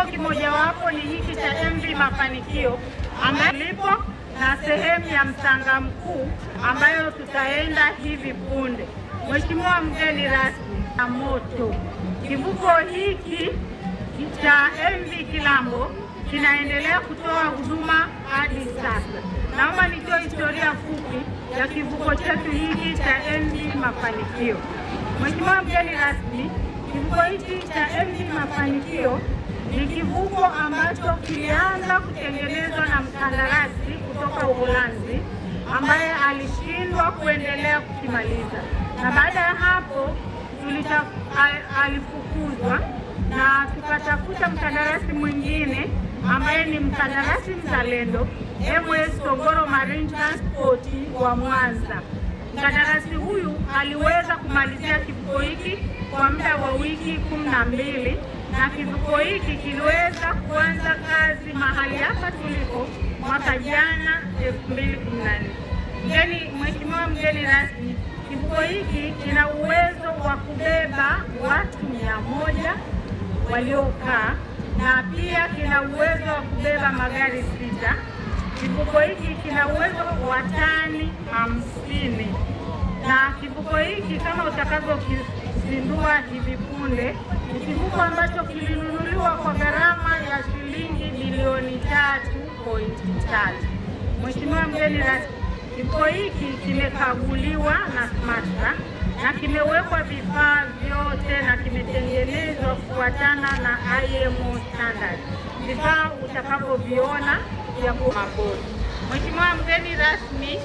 Kiwango kimojawapo ni hiki cha MV Mafanikio ambayo na sehemu ya Msanga Mkuu ambayo tutaenda hivi punde. Mheshimiwa mgeni rasmi, na moto kivuko hiki cha MV Kilambo kinaendelea kutoa huduma hadi sasa. Naomba nitoe historia fupi ya kivuko chetu hiki cha MV Mafanikio. Mheshimiwa mgeni rasmi, kivuko hiki cha MV Mafanikio ni kivuko ambacho kilianza kutengenezwa na mkandarasi kutoka Uholanzi ambaye alishindwa kuendelea kukimaliza, na baada ya hapo tulita alifukuzwa na tukatafuta mkandarasi mwingine ambaye ni mkandarasi mzalendo MS Togoro Marine Transport wa Mwanza. Mkandarasi huyu aliweza kumalizia kivuko hiki kwa muda wa wiki kumi na mbili na kivuko hiki kiliweza kuanza kazi mahali hapa tulipo mwaka jana 2014. Mgeni Mheshimiwa mgeni rasmi, kivuko hiki kina uwezo wa kubeba watu mia moja waliokaa na pia kina uwezo wa kubeba magari sita. Kivuko hiki kina uwezo wa tani hamsini na kivuko hiki kama utakavyokizindua hivi punde kivuko ambacho kilinunuliwa kwa gharama ya shilingi bilioni tatu pointi tatu. Mheshimiwa mgeni rasmi, kivuko hiki kimekaguliwa na SMATRA na kimewekwa vifaa vyote na kimetengenezwa kufuatana na IMO standard. Vifaa utakapoviona vya kuabodi. Mheshimiwa mgeni rasmi,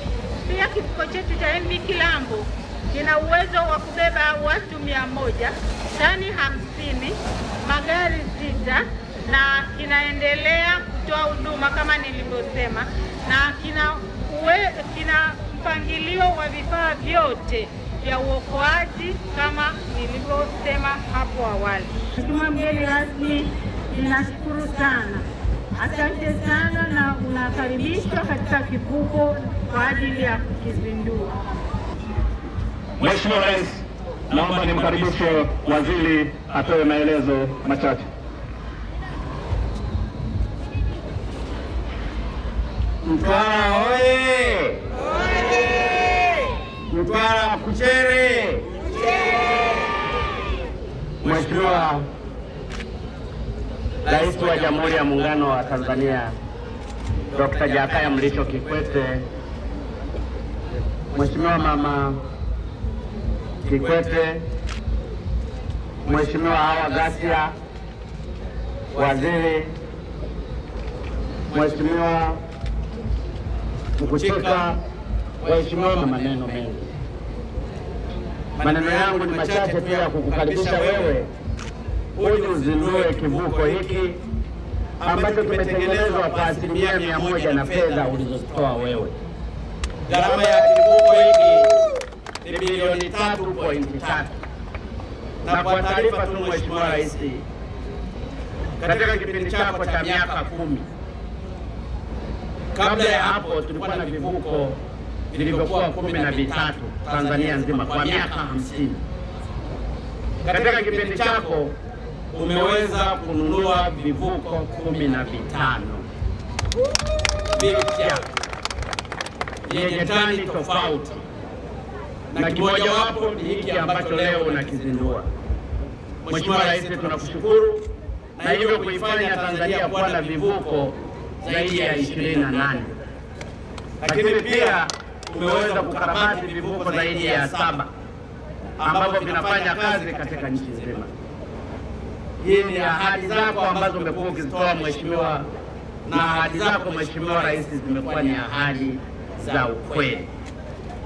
pia kifuko chetu cha MV Kilambo kina uwezo wa kubeba watu mia moja, tani hamsini, magari sita na kinaendelea kutoa huduma kama nilivyosema, na kina, uwe, kina mpangilio wa vifaa vyote vya uokoaji kama nilivyosema hapo awali. Mheshimiwa mgeni rasmi, ninashukuru sana, asante sana, na unakaribishwa katika kivuko kwa ajili ya kukizindua. Mheshimiwa Rais, naomba nimkaribishe waziri atoe maelezo machache. Mtwara oye! Mtwara kuchere! Mheshimiwa Rais wa Jamhuri ya Muungano wa Tanzania Dr. Jakaya Mlisho Kikwete, Mheshimiwa mama Kikwete, Mheshimiwa Hawa Ghasia, waziri, Mheshimiwa Mkuchika, waheshimiwa, maneno mengi. Maneno yangu ni machache tu ya kukukaribisha wewe uje uzindue kivuko hiki ambacho kimetengenezwa kwa asilimia mia moja na fedha ulizotoa wewe. Gharama ya kivuko hiki ni bilioni 3.3 na kwa taarifa tu Mheshimiwa Rais, katika kipindi chako cha miaka kumi, kabla ya hapo tulikuwa na vivuko vilivyokuwa kumi na vitatu Tanzania nzima kwa miaka hamsini. Katika kipindi chako umeweza kununua vivuko kumi na vitano vipya vyenye tani tofauti na kimojawapo ni hiki ambacho leo unakizindua. Mheshimiwa Rais, tunakushukuru na hivyo kuifanya Tanzania kuwa na vivuko zaidi ya 28 lakini pia umeweza kukarabati vivuko zaidi ya saba ambavyo vinafanya kazi katika nchi nzima. Hii ni ahadi zako ambazo umekuwa ukizitoa mheshimiwa, na ahadi zako Mheshimiwa Rais zimekuwa ni ahadi za ukweli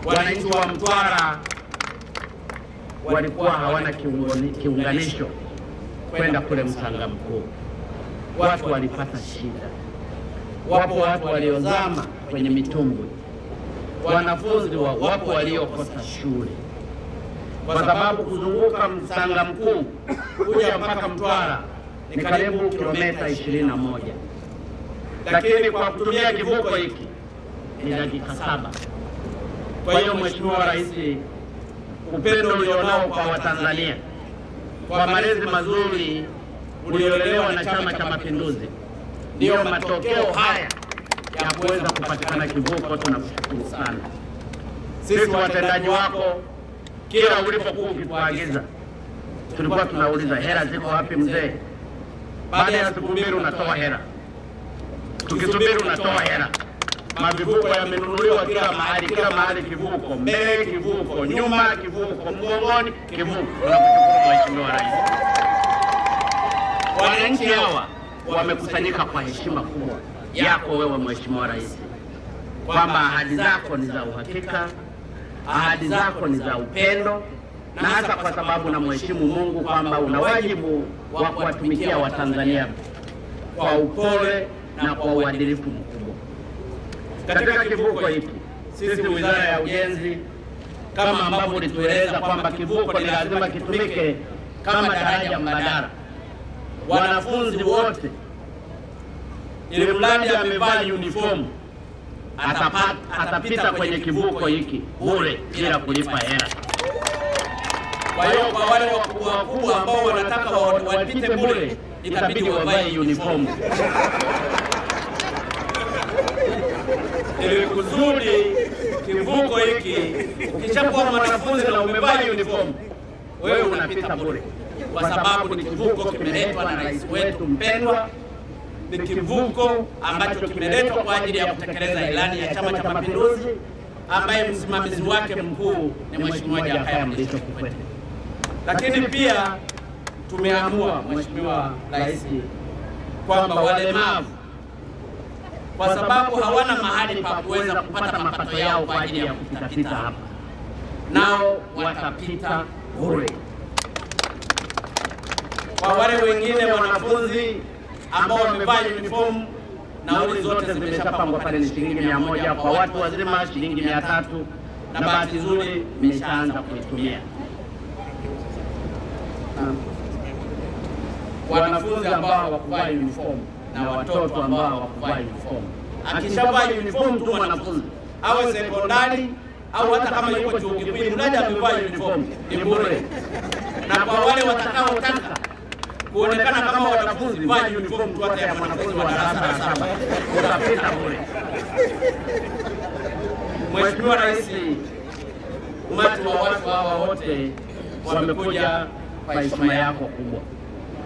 wananchi wa Mtwara walikuwa hawana kiunganisho kwenda kule Msanga Mkuu, watu walipata shida. Wapo watu waliozama kwenye mitumbwi, wanafunzi wa wapo waliokosa shule, kwa sababu kuzunguka Msanga Mkuu kuja mpaka Mtwara ni karibu kilometa ishirini na moja, lakini kwa kutumia kivuko hiki ni dakika saba. Kwa hiyo Mheshimiwa Rais, upendo ulionao kwa Watanzania, kwa malezi mazuri uliolelewa na Chama cha Mapinduzi, ndiyo matokeo haya ya kuweza kupatikana kivuko. Tunakushukuru sana sisi watendaji wako, kila ulipokuwa ukituagiza tulikuwa tunauliza hela ziko wapi mzee? Baada ya siku mbili unatoa hela, tukisubiri unatoa hela Mavivuko yamenunuliwa kila mahali, kila mahali kivuko, mbele kivuko, nyuma kivuko, mgongoni kivuko. Nakushukuru Mheshimiwa Rais, wananchi hawa wamekusanyika kwa heshima kubwa yako wewe Mheshimiwa Rais, kwamba ahadi zako ni za uhakika, ahadi zako ni za upendo na hasa kwa sababu na mheshimu Mungu kwamba una wajibu wa kuwatumikia Watanzania kwa upole na kwa uadilifu. Katika kivuko hiki sisi Wizara ya Ujenzi, kama ambavyo ulitueleza kwamba kivuko ni lazima kitumike kama daraja mbadala. Wanafunzi wote, ili mradi amevaa uniform atapata, atapita kwenye kivuko hiki bure bila kulipa hela. Kwa hiyo kwa wale wakubwa wakubwa ambao wanataka wapite bure, itabidi wavae uniform ili kuzuri kivuko hiki. kishakuwa mwanafunzi na umevaa uniform, wewe unapita bure, kwa sababu ni kivuko kimeletwa na rais wetu mpendwa ni kivuko ambacho kimeletwa kwa ajili ya kutekeleza ilani ya Chama cha Mapinduzi ambaye msimamizi wake mkuu ni Mheshimiwa Jakaya Mrisho Kikwete. Lakini pia tumeamua Mheshimiwa Rais kwamba walemavu kwa sababu hawana mahali pa kuweza kupata mapato yao kwa ajili ya kupitapita hapa, nao watapita bure. Kwa wale wengine wanafunzi ambao wamevaa uniform, nauli zote zimeshapangwa pale, ni shilingi mia moja kwa watu wazima, shilingi mia tatu na bahati nzuri mmeshaanza kuitumia. wanafunzi ambao hawakuvaa uniform na watoto ambao hawakuvaa uniform. Akishavaa uniform tu mwanafunzi awe sekondari au hata kama yuko chuo kikuu, mradi amevaa uniform ni bure. Na kwa wale watakaotaka kuonekana kama wanafunzi, vaa uniform tu, hata ya mwanafunzi wa darasa la saba utapita bure. Mheshimiwa Rais, umati wa watu hawa wote wamekuja kwa heshima yako kubwa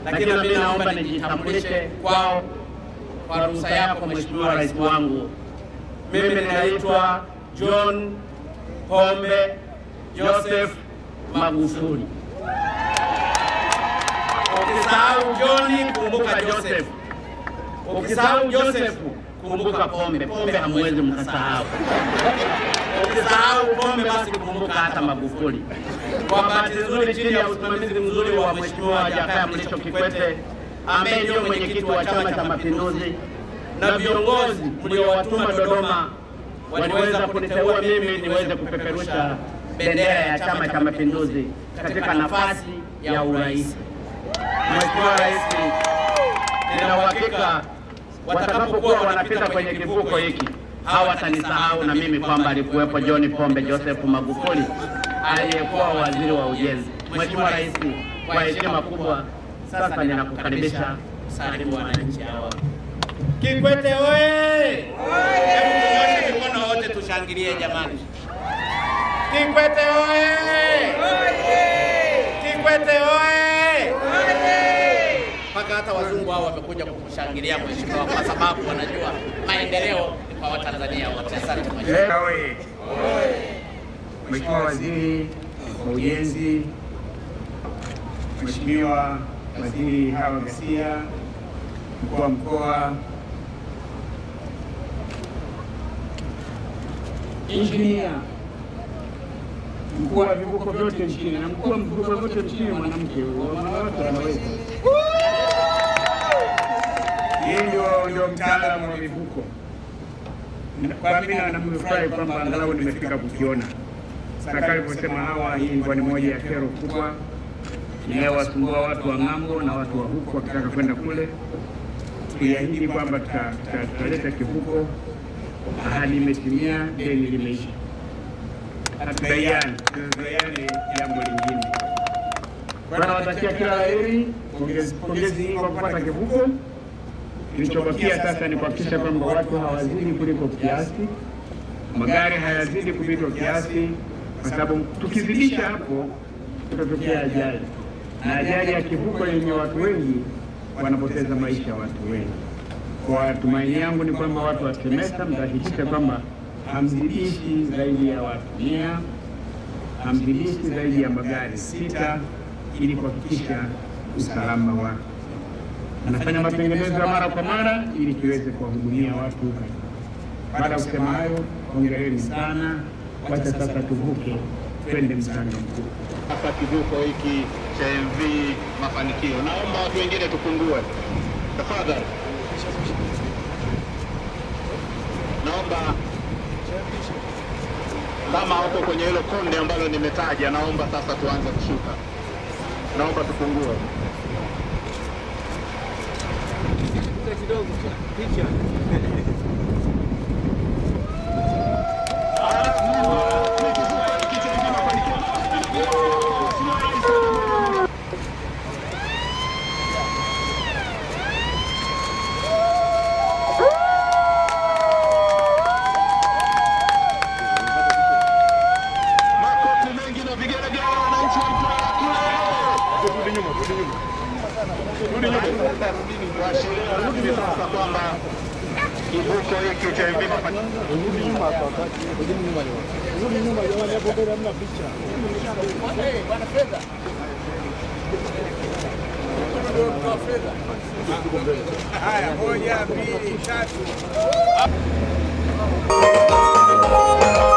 lakini mimi naomba nijitambulishe kwao kwa ruhusa yako Mheshimiwa Rais wangu. Mimi ninaitwa John Pombe Joseph Magufuli. Ukisahau John, kumbuka Joseph. Ukisahau Joseph, kumbuka Pombe. Pombe hamwezi mkasahau. ukisahau pombe basi kumbuka hata Magufuli. Kwa bahati nzuri, chini ya usimamizi mzuri wa Mheshimiwa Jakaya Mlisho Kikwete ambaye ndio mwenyekiti wa Chama cha Mapinduzi na viongozi mliowatuma Dodoma waliweza kuniteua mimi niweze kupeperusha bendera ya Chama cha Mapinduzi katika nafasi ya urais. Mheshimiwa Rais, nina uhakika watakapokuwa wanapita kwenye kivuko hiki hawatanisahau na mimi kwamba alikuwepo John Pombe Joseph Magufuli aliyekuwa waziri wa ujenzi. Mheshimiwa Rais, kwa heshima kubwa sasa ninakukaribisha kusalimu wananchi hawa. Kikwete oye! Hebu wote tushangilie jamani! Kikwete oye! Kikwete oye! Mpaka hata wazungu hao wamekuja kukushangilia mheshimiwa, kwa sababu wanajua maendeleo kwa Watanzania wote. Asante Mheshimiwa Waziri wa Ujenzi, Mheshimiwa Waziri Hawa Ghasia, mkuu wa mkoa, injinia mkuu wa vivuko vyote nchini na mkuu wa vivuko vyote nchini mwanamke, wanawake wanaweza, yeye ndio mtaalamu wa vivuko kwa mimi na kwamba angalau nimefika kukiona. Serikali iliposema hawa, hii ilikuwa ni moja ya kero kubwa inayowasumbua watu wa ng'ambo na watu wa huku wakitaka kwenda kule. Tuliahidi kwamba tutaleta kivuko, ahadi imetimia, deni limeisha. Hatudaiani, tutadaiani jambo lingine. Nawatakia kila la heri, pongezi kwa kupata kivuko. Kilichobakia sasa ni kuhakikisha kwamba watu hawazidi kuliko kiasi, magari hayazidi kupitwa kiasi, kwa sababu tukizidisha hapo tutatokea ajali, na ajali ya kivuko yenye watu wengi wanapoteza maisha watu wengi. Kwa tumaini yangu ni kwamba watu wa TEMESA mtahakikisha kwamba hamzidishi zaidi ya watu mia, hamzidishi zaidi ya magari sita, ili kuhakikisha usalama wake anafanya matengenezo ya mara kwa mara ili kiweze kuwahudumia watu. Baada ya kusema hayo, hongereni sana. Wacha sasa tuvuke twende mchanga mkuu hapa. Kivuko hiki cha MV Mafanikio, naomba watu wengine tupungue tafadhali. Naomba kama wako kwenye hilo konde ambalo nimetaja, naomba sasa tuanze kushuka, naomba tupungue. Tekrar oldu. Hiç Haya, moja, mbili, tatu.